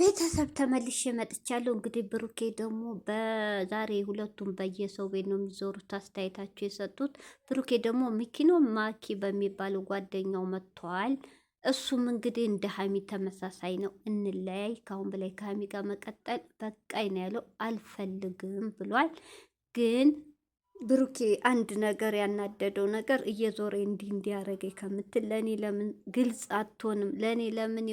ቤተሰብ ተመልሼ መጥቻለሁ። እንግዲህ ብሩኬ ደግሞ በዛሬ ሁለቱም በየሰው ቤት ነው የሚዞሩት አስተያየታቸው የሰጡት። ብሩኬ ደግሞ ሚኪኖ ማኪ በሚባለው ጓደኛው መጥተዋል። እሱም እንግዲህ እንደ ሀሚ ተመሳሳይ ነው። እንለያይ፣ ከአሁን በላይ ከሀሚ ጋር መቀጠል በቃኝ ነው ያለው። አልፈልግም ብሏል ግን ብሩኬ አንድ ነገር ያናደደው ነገር እየዞረ እንዲህ እንዲያደረገ ከምትል ለእኔ ለምን ግልጽ አትሆንም? ለእኔ ለምን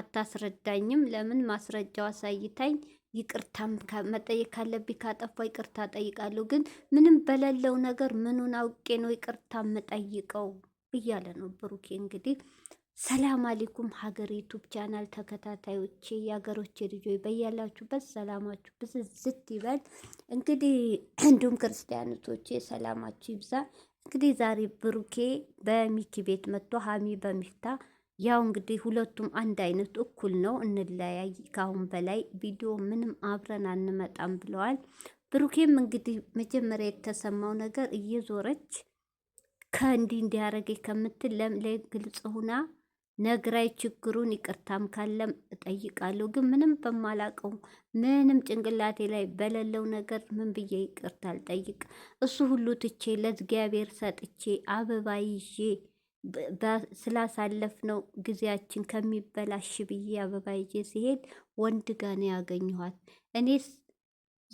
አታስረዳኝም? ለምን ማስረጃው አሳይታኝ ይቅርታም መጠየቅ ካለብኝ ካጠፋ ይቅርታ ጠይቃለሁ። ግን ምንም በሌለው ነገር ምኑን አውቄ ነው ይቅርታ መጠይቀው እያለ ነው ብሩኬ እንግዲህ ሰላም አለይኩም ሀገር ዩቱብ ቻናል ተከታታዮቼ የሀገሮቼ ልጆች በያላችሁበት ሰላማችሁ ብዝዝት ይበል። እንግዲህ እንዲሁም ክርስቲያኖቶቼ ሰላማችሁ ይብዛ። እንግዲህ ዛሬ ብሩኬ በሚኪ ቤት መጥቶ ሀሚ በሚፍታ ያው እንግዲህ ሁለቱም አንድ አይነት እኩል ነው፣ እንለያይ ካሁን በላይ ቪዲዮ ምንም አብረን አንመጣም ብለዋል። ብሩኬም እንግዲህ መጀመሪያ የተሰማው ነገር እየዞረች ከእንዲህ እንዲያደረገ ከምትል ለግልጽ ሁና ነግራይ ችግሩን ይቅርታም ካለም እጠይቃለሁ። ግን ምንም በማላቀው ምንም ጭንቅላቴ ላይ በሌለው ነገር ምን ብዬ ይቅርታ አልጠይቅ? እሱ ሁሉ ትቼ ለእግዚአብሔር ሰጥቼ አበባ ይዤ ነው ጊዜያችን ከሚበላሽ ብዬ አበባ ይዤ ሲሄድ ወንድ ጋን ነው ያገኘኋት እኔስ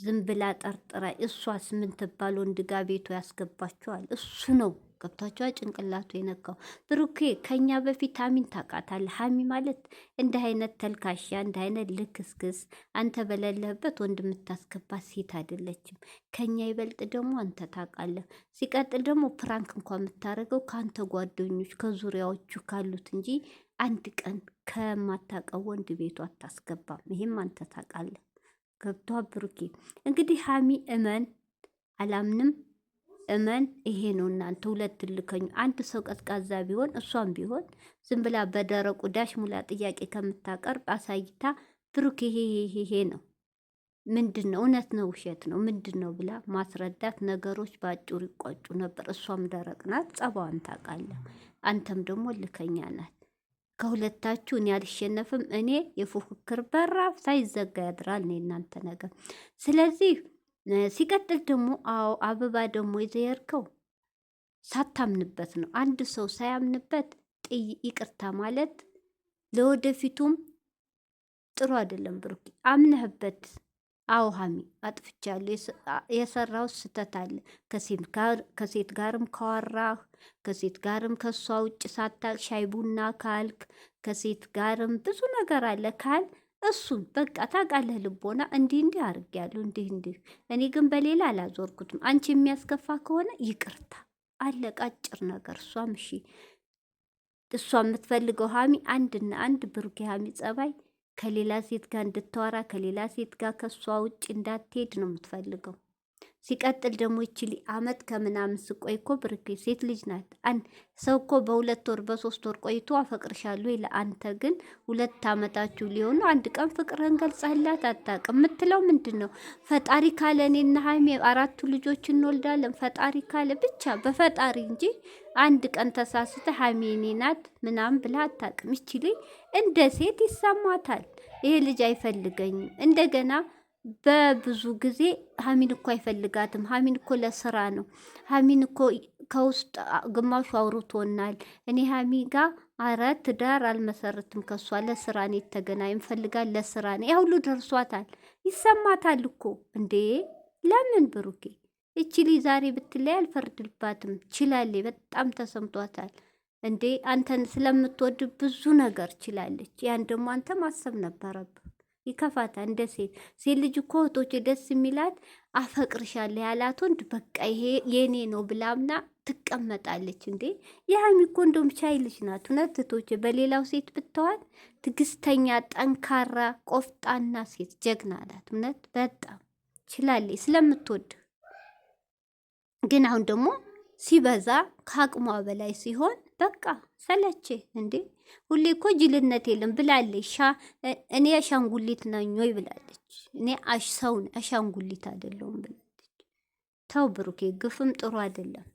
ዝም ብላ ጠርጥራ እሷስ ምን ትባል? ወንድ ጋ ቤቱ ያስገባቸዋል። እሱ ነው ገብቷቸዋ ጭንቅላቱ የነካው። ብሩኬ ከኛ በፊት ሀሚን ታውቃታለህ። ሀሚ ማለት እንዲህ አይነት ተልካሻ፣ እንዲህ አይነት ልክስክስ፣ አንተ በሌለህበት ወንድ የምታስገባ ሴት አይደለችም። ከኛ ይበልጥ ደግሞ አንተ ታውቃለህ። ሲቀጥል ደግሞ ፕራንክ እንኳ የምታደርገው ከአንተ ጓደኞች ከዙሪያዎቹ ካሉት እንጂ አንድ ቀን ከማታውቀው ወንድ ቤቱ አታስገባም። ይህም አንተ ታውቃለህ። ገብቷ ብሩኬ እንግዲህ ሀሚ እመን አላምንም እመን ይሄ ነው። እናንተ ሁለት ትልከኙ አንድ ሰው ቀዝቃዛ ቢሆን እሷም ቢሆን ዝም ብላ በደረቁ ዳሽ ሙላ ጥያቄ ከምታቀርብ አሳይታ ብሩክ ይሄ ይሄ ነው ምንድን ነው እውነት ነው ውሸት ነው ምንድን ነው ብላ ማስረዳት ነገሮች በአጭሩ ይቋጩ ነበር። እሷም ደረቅ ናት፣ ጸባዋን ታውቃለህ። አንተም ደግሞ ልከኛ ናት። ከሁለታችሁ እኔ አልሸነፍም። እኔ የፉክክር በራፍ ሳይዘጋ ያድራል። እኔ እናንተ ነገር ስለዚህ ሲቀጥል ደግሞ አዎ አበባ ደግሞ የዘየርከው ሳታምንበት ነው። አንድ ሰው ሳያምንበት ጥይ ይቅርታ ማለት ለወደፊቱም ጥሩ አይደለም። ብሩኪ አምነህበት አውሃሚ አጥፍቻለሁ። የሰራው ስህተት አለ። ከሴት ጋርም ካወራህ ከሴት ጋርም ከእሷ ውጭ ሳታቅ ሻይ ቡና ካልክ ከሴት ጋርም ብዙ ነገር አለ ካል እሱም በቃ ታውቃለህ፣ ልቦና እንዲህ እንዲህ አድርጌያለሁ እንዲህ እንዲህ። እኔ ግን በሌላ አላዞርኩትም። አንቺ የሚያስከፋ ከሆነ ይቅርታ አለቀ። አጭር ነገር። እሷም እሺ፣ እሷ የምትፈልገው ሀሚ አንድና አንድ ብሩኬ ሀሚ ጸባይ ከሌላ ሴት ጋር እንድታወራ ከሌላ ሴት ጋር ከእሷ ውጭ እንዳትሄድ ነው የምትፈልገው። ሲቀጥል ደግሞ ይችል አመት ከምናምን ስቆይ እኮ ሴት ልጅ ናት። ሰው እኮ በሁለት ወር በሶስት ወር ቆይቶ አፈቅርሻሉ ይላል። አንተ ግን ሁለት አመታችሁ ሊሆኑ አንድ ቀን ፍቅርህን ገልጸህላት አታውቅም። የምትለው ምንድን ነው? ፈጣሪ ካለ እኔና ሀይሜ አራቱ ልጆች እንወልዳለን። ፈጣሪ ካለ ብቻ በፈጣሪ እንጂ አንድ ቀን ተሳስተ ሀይሜ እኔ ናት ምናምን ብለህ አታውቅም። ይችል እንደ ሴት ይሰማታል። ይሄ ልጅ አይፈልገኝም እንደገና በብዙ ጊዜ ሀሚን እኮ አይፈልጋትም። ሀሚን እኮ ለስራ ነው። ሀሚን እኮ ከውስጥ ግማሹ አውርቶናል። እኔ ሀሚ ጋ አረ ትዳር አልመሰረትም ከሷ ለስራ ነው የተገናኝ ፈልጋል ለስራ ነው። ያ ሁሉ ደርሷታል፣ ይሰማታል እኮ እንዴ። ለምን ብሩኬ እቺ ልጅ ዛሬ ብትለይ አልፈርድልባትም። ችላሌ በጣም ተሰምቷታል እንዴ። አንተን ስለምትወድ ብዙ ነገር ችላለች። ያን ደግሞ አንተ ማሰብ ነበረብ ይከፋታል። እንደ ሴት ሴት ልጅ እኮ እህቶች ደስ የሚላት አፈቅርሻለሁ ያላት ወንድ በቃ ይሄ የኔ ነው ብላምና ትቀመጣለች። እንዴ የሀሚ እኮ እንደውም ቻይ ልጅ ናት። እውነት እህቶች በሌላው ሴት ብትዋል ትግስተኛ፣ ጠንካራ፣ ቆፍጣና ሴት ጀግና አላት። እውነት በጣም ችላለች ስለምትወድ። ግን አሁን ደግሞ ሲበዛ ከአቅሟ በላይ ሲሆን በቃ ሰለቼ እንዴ ሁሌ እኮ ጅልነት የለም ብላለች። ሻ እኔ አሻንጉሊት ነኝ ወይ ብላለች። እኔ ሰውን አሻንጉሊት አይደለሁም ብላለች። ተው ብሩኬ፣ ግፍም ጥሩ አይደለም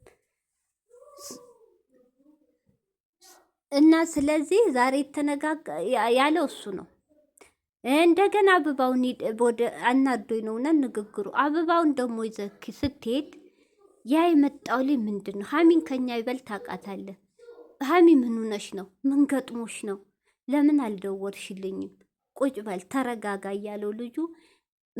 እና ስለዚህ ዛሬ ተነጋጋ ያለው እሱ ነው። እንደገና አበባውን ወደ አናዶኝ ነውና ንግግሩ አበባውን ደግሞ ይዘህ ስትሄድ ያ የመጣው ላይ ምንድን ነው? ሀሚን ከኛ ይበልጥ ታውቃታለህ። ሀሚ ምን ሆነሽ ነው? ምን ገጥሞሽ ነው? ለምን አልደወልሽልኝም? ቁጭ በል ተረጋጋ እያለው ልጁ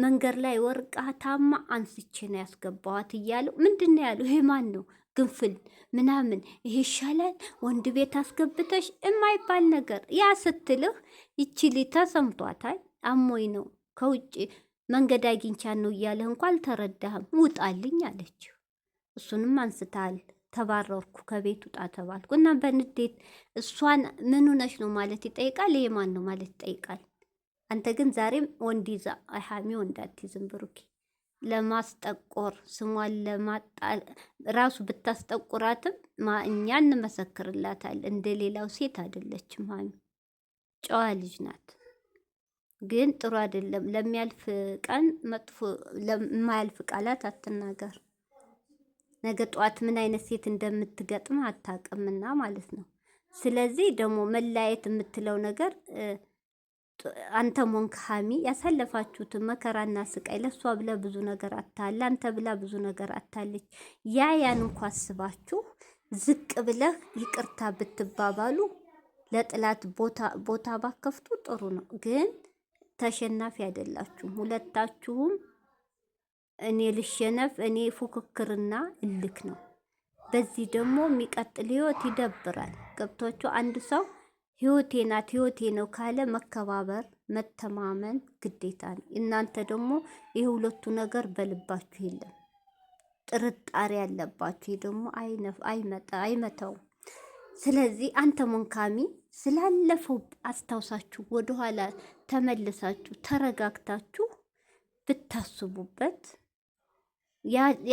መንገድ ላይ ወርቃ ታማ አንስቼ ነው ያስገባዋት እያለው ምንድን ነው ያለው? ይሄ ማን ነው ግንፍል ምናምን ይሄ ይሻላል ወንድ ቤት አስገብተሽ የማይባል ነገር ያ ስትልህ ይችሊ ተሰምቷታል። አሞኝ ነው ከውጭ መንገድ አግኝቻ ነው እያለህ እንኳ አልተረዳህም። ውጣልኝ አለችው። እሱንም አንስታል ተባረርኩ፣ ከቤት ውጣ ተባልኩ እና በንዴት እሷን ምን ነሽ ነው ማለት ይጠይቃል። ይሄ ማን ነው ማለት ይጠይቃል። አንተ ግን ዛሬም ወንድ ይዛ አይሃሚ ወንድ አትይዝም። ብሩኬ ለማስጠቆር ስሟን ለማጣል ራሱ ብታስጠቁራትም እኛ እንመሰክርላታል። እንደ ሌላው ሴት አይደለችም። ሃሚ ጨዋ ልጅ ናት። ግን ጥሩ አይደለም። ለሚያልፍ ቀን መጥፎ ለማያልፍ ቃላት አትናገር። ነገ ጠዋት ምን አይነት ሴት እንደምትገጥም አታውቅምና ማለት ነው። ስለዚህ ደግሞ መለያየት የምትለው ነገር አንተ ሞንክ ሀሚ ያሳለፋችሁትን መከራና ስቃይ ለእሷ ብለ ብዙ ነገር አታለ አንተ ብላ ብዙ ነገር አታለች። ያ ያን እንኳ አስባችሁ ዝቅ ብለህ ይቅርታ ብትባባሉ ለጥላት ቦታ ባከፍቱ ጥሩ ነው። ግን ተሸናፊ አይደላችሁም ሁለታችሁም። እኔ ልሸነፍ እኔ ፉክክርና እልክ ነው። በዚህ ደግሞ የሚቀጥል ህይወት ይደብራል። ገብቶቹ አንድ ሰው ህይወቴ ናት ህይወቴ ነው ካለ መከባበር፣ መተማመን ግዴታ ነው። እናንተ ደግሞ ይህ ሁለቱ ነገር በልባችሁ የለም፣ ጥርጣሬ ያለባችሁ ደግሞ አይመተው። ስለዚህ አንተ ሞንካሚ ስላለፈው አስታውሳችሁ ወደኋላ ተመልሳችሁ ተረጋግታችሁ ብታስቡበት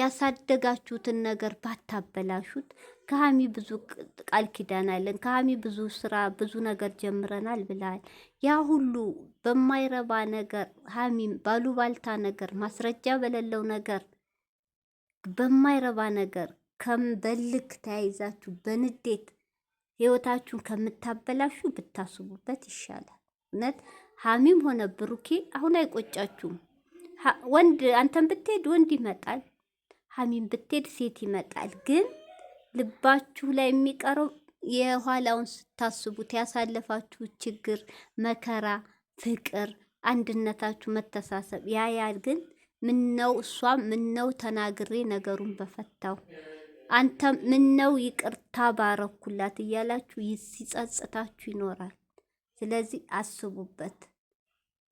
ያሳደጋችሁትን ነገር ባታበላሹት። ከሀሚ ብዙ ቃል ኪዳን አለን። ከሀሚ ብዙ ስራ፣ ብዙ ነገር ጀምረናል ብለሃል። ያ ሁሉ በማይረባ ነገር ሀሚም ባሉባልታ ነገር፣ ማስረጃ በሌለው ነገር፣ በማይረባ ነገር በልክ ተያይዛችሁ በንዴት ህይወታችሁን ከምታበላሹ ብታስቡበት ይሻላል። እውነት ሀሚም ሆነ ብሩኬ አሁን አይቆጫችሁም። ወንድ አንተን ብትሄድ ወንድ ይመጣል፣ ሀሚን ብትሄድ ሴት ይመጣል። ግን ልባችሁ ላይ የሚቀረው የኋላውን ስታስቡት ያሳለፋችሁ ችግር፣ መከራ፣ ፍቅር፣ አንድነታችሁ፣ መተሳሰብ ያያል። ግን ምነው እሷም ምነው ተናግሬ ነገሩን በፈታው አንተም ምነው ይቅርታ ባረኩላት እያላችሁ ሲጸጽታችሁ ይኖራል። ስለዚህ አስቡበት።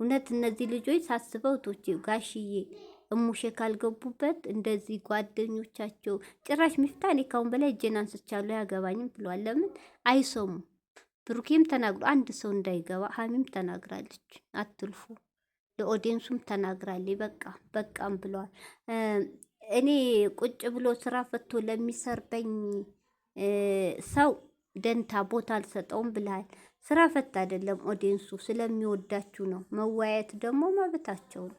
እውነት እነዚህ ልጆች ሳስበው ቶቼ ጋሽዬ እሙሼ ካልገቡበት እንደዚህ ጓደኞቻቸው ጭራሽ ሚፍታ እኔ ካሁን በላይ እጄን አንስቻለሁ አያገባኝም ብለዋል። ለምን አይሰሙ? ብሩኬም ተናግሮ አንድ ሰው እንዳይገባ ሀሚም ተናግራለች። አትልፉ ለኦዲየንሱም ተናግራለች። በቃ በቃም ብለዋል። እኔ ቁጭ ብሎ ስራ ፈቶ ለሚሰርበኝ ሰው ደንታ ቦታ አልሰጠውም ብለሃል። ስራ ፈት አይደለም። ኦዲንሱ ስለሚወዳችሁ ነው። መወያየት ደግሞ መብታቸው ነው።